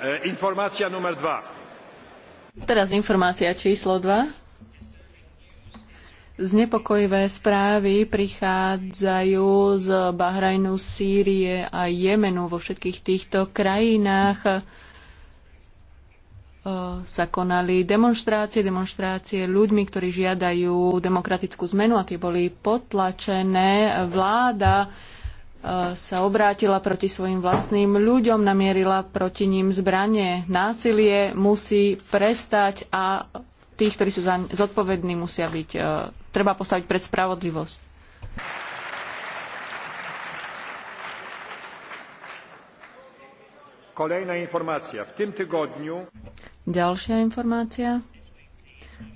E, informácia numer 2. Teraz informácia číslo 2. Znepokojivé správy prichádzajú z Bahrajnu, Sýrie a Jemenu. Vo všetkých týchto krajinách e, sa konali demonštrácie, demonštrácie ľuďmi, ktorí žiadajú demokratickú zmenu a tie boli potlačené. Vláda E, sa obrátila proti svojim vlastným ľuďom, namierila proti ním zbranie. Násilie musí prestať a tých, ktorí sú za zodpovední, musia byť, e, treba postaviť pred spravodlivosť. Kolejná informácia. V tým Ďalšia informácia.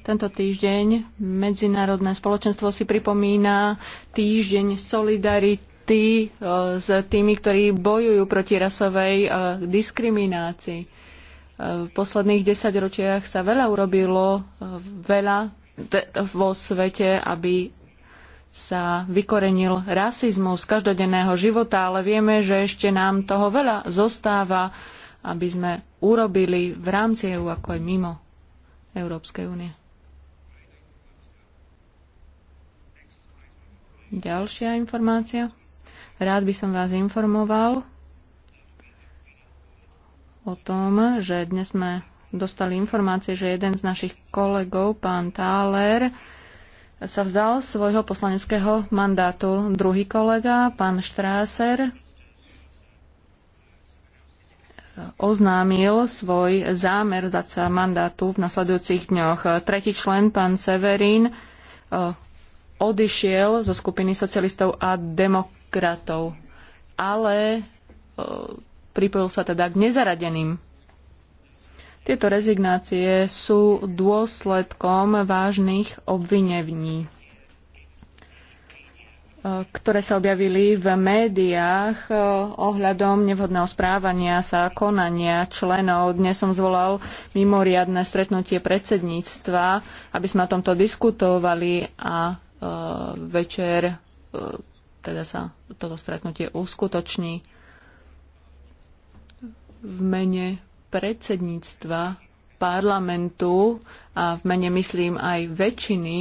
Tento týždeň Medzinárodné spoločenstvo si pripomína týždeň solidarity ty e, s tými, ktorí bojujú proti rasovej e, diskriminácii. E, v posledných desaťročiach sa veľa urobilo, veľa vo svete, aby sa vykorenil rasizmus z každodenného života, ale vieme, že ešte nám toho veľa zostáva, aby sme urobili v rámci EU ako aj mimo Európskej únie. Ďalšia informácia. Rád by som vás informoval o tom, že dnes sme dostali informácie, že jeden z našich kolegov, pán Táler, sa vzdal svojho poslaneckého mandátu. Druhý kolega, pán Štráser, oznámil svoj zámer vzdať sa mandátu v nasledujúcich dňoch. Tretí člen, pán Severín, eh, odišiel zo skupiny socialistov a demokratov kratov. ale e, pripojil sa teda k nezaradeným. Tieto rezignácie sú dôsledkom vážnych obvinení, e, ktoré sa objavili v médiách e, ohľadom nevhodného správania sa konania členov. Dnes som zvolal mimoriadne stretnutie predsedníctva, aby sme o tomto diskutovali a večer teda sa toto stretnutie uskutoční v mene predsedníctva parlamentu a v mene myslím aj väčšiny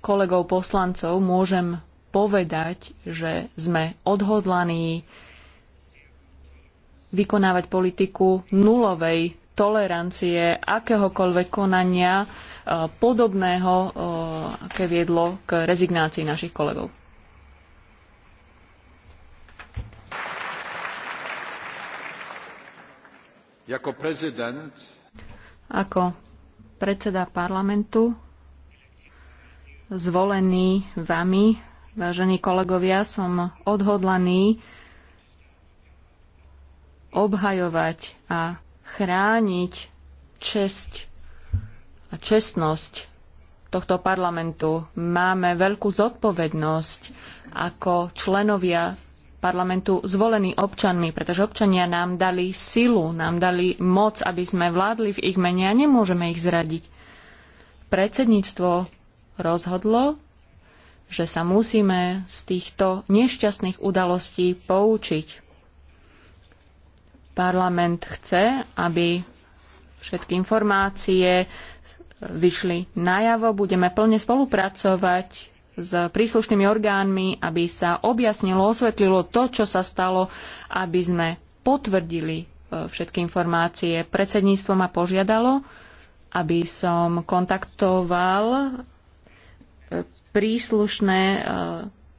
kolegov poslancov môžem povedať, že sme odhodlaní vykonávať politiku nulovej tolerancie akéhokoľvek konania eh, podobného, eh, aké viedlo k rezignácii našich kolegov. Ako predseda parlamentu zvolený vami, vážení kolegovia, som odhodlaný obhajovať a chrániť česť a čestnosť tohto parlamentu. Máme veľkú zodpovednosť ako členovia parlamentu zvolení občanmi, pretože občania nám dali silu, nám dali moc, aby sme vládli v ich mene a nemôžeme ich zradiť. Predsedníctvo rozhodlo, že sa musíme z týchto nešťastných udalostí poučiť. Parlament chce, aby všetky informácie vyšli najavo, budeme plne spolupracovať s príslušnými orgánmi, aby sa objasnilo, osvetlilo to, čo sa stalo, aby sme potvrdili e, všetky informácie. Predsedníctvo ma požiadalo, aby som kontaktoval e, príslušné e,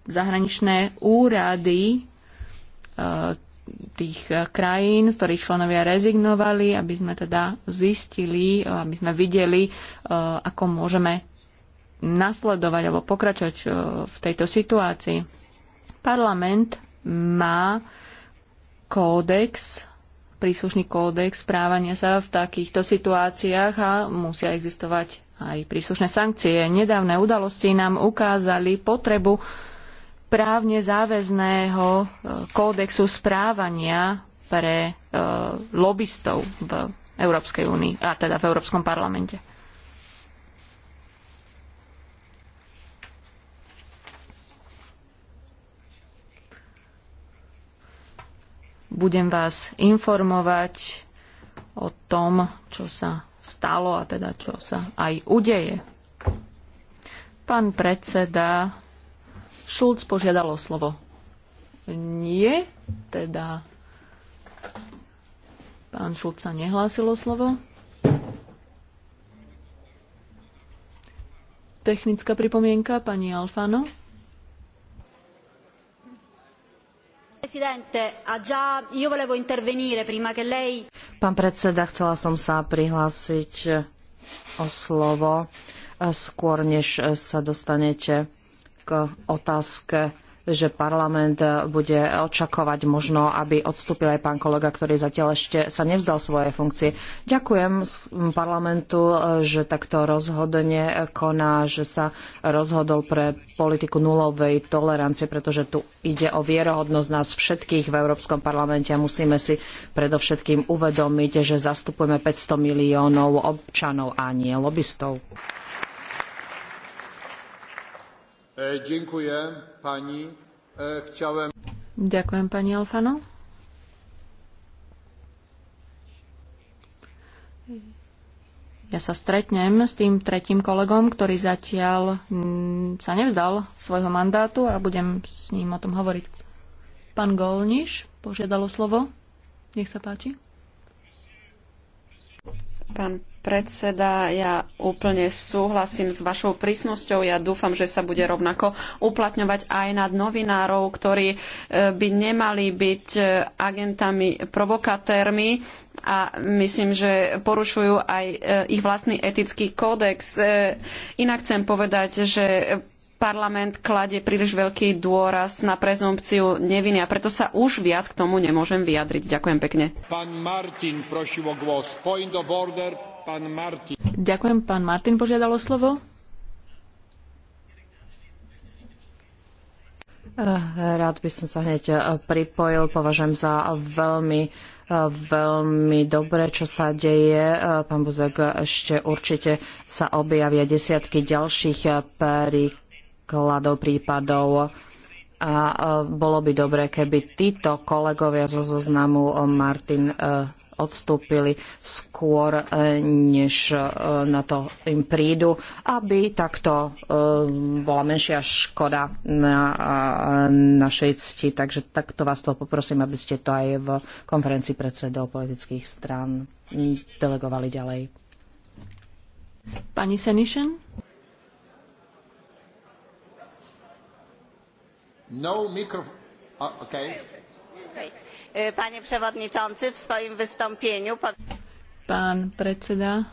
zahraničné úrady tých krajín, z ktorých členovia rezignovali, aby sme teda zistili, aby sme videli, ako môžeme nasledovať alebo pokračovať e, v tejto situácii. Parlament má kódex, príslušný kódex správania sa v takýchto situáciách a musia existovať aj príslušné sankcie. Nedávne udalosti nám ukázali potrebu právne záväzného e, kódexu správania pre e, lobbystov v Európskej únii, a teda v Európskom parlamente. budem vás informovať o tom, čo sa stalo a teda čo sa aj udeje. Pán predseda Šulc požiadal o slovo. Nie, teda pán Šulc sa nehlásil o slovo. Technická pripomienka, pani Alfano. Pán predseda, chcela som sa prihlásiť o slovo eh, skôr, než eh, sa dostanete k otázke že parlament bude očakovať možno, aby odstúpil aj pán kolega, ktorý zatiaľ ešte sa nevzdal svojej funkcie. Ďakujem parlamentu, že takto rozhodne koná, že sa rozhodol pre politiku nulovej tolerancie, pretože tu ide o vierohodnosť nás všetkých v Európskom parlamente a musíme si predovšetkým uvedomiť, že zastupujeme 500 miliónov občanov a nie lobbystov. Ďakujem e, pani. E, chciałem... Ďakujem pani Alfano. Ja sa stretnem s tým tretím kolegom, ktorý zatiaľ mm, sa nevzdal svojho mandátu a budem s ním o tom hovoriť. Pán Golniš požiadalo slovo. Nech sa páči. Pán predseda, ja úplne súhlasím s vašou prísnosťou. Ja dúfam, že sa bude rovnako uplatňovať aj nad novinárov, ktorí e, by nemali byť e, agentami, provokatérmi a myslím, že porušujú aj e, ich vlastný etický kódex. Inak chcem povedať, že parlament kladie príliš veľký dôraz na prezumpciu neviny a preto sa už viac k tomu nemôžem vyjadriť. Ďakujem pekne. Pán Martin prosím o głos. Point of order, pán Martin. Ďakujem, pán Martin požiadalo slovo. Eh, rád by som sa hneď eh, pripojil. Považujem za veľmi eh, veľmi dobré, čo sa deje. Pán Buzek, ešte určite sa objavia desiatky ďalších príkladov príkladov, prípadov. A e, bolo by dobre, keby títo kolegovia zo zoznamu e, Martin e, odstúpili skôr, než na to im prídu, aby takto bola menšia škoda na našej cti. Takže takto vás to poprosím, aby ste to aj v konferencii predsedov politických strán delegovali ďalej. Pani Senišen? No e, panie przewodniczący, w swoim wystąpieniu... Pán predseda,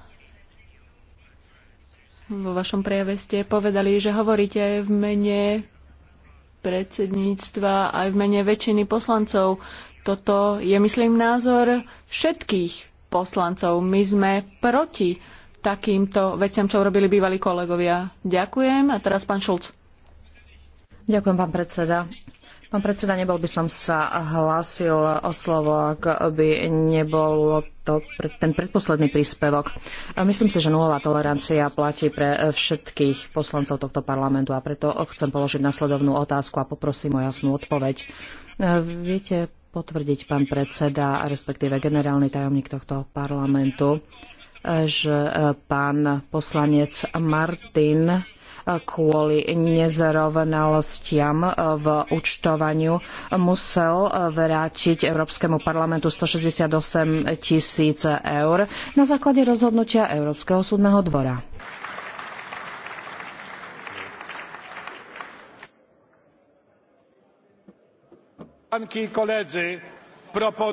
vo vašom prejave ste povedali, že hovoríte v mene predsedníctva aj v mene väčšiny poslancov. Toto je, myslím, názor všetkých poslancov. My sme proti takýmto veciam, čo robili bývalí kolegovia. Ďakujem. A teraz pán Šulc. Ďakujem, pán predseda. Pán predseda, nebol by som sa hlásil o slovo, ak by nebol to ten predposledný príspevok. Myslím si, že nulová tolerancia platí pre všetkých poslancov tohto parlamentu a preto chcem položiť nasledovnú otázku a poprosím o jasnú odpoveď. E, viete potvrdiť, pán predseda, respektíve generálny tajomník tohto parlamentu, e, že e, pán poslanec Martin kvôli nezrovnalostiam v účtovaniu musel vrátiť Európskemu parlamentu 168 tisíc eur na základe rozhodnutia Európskeho súdneho dvora.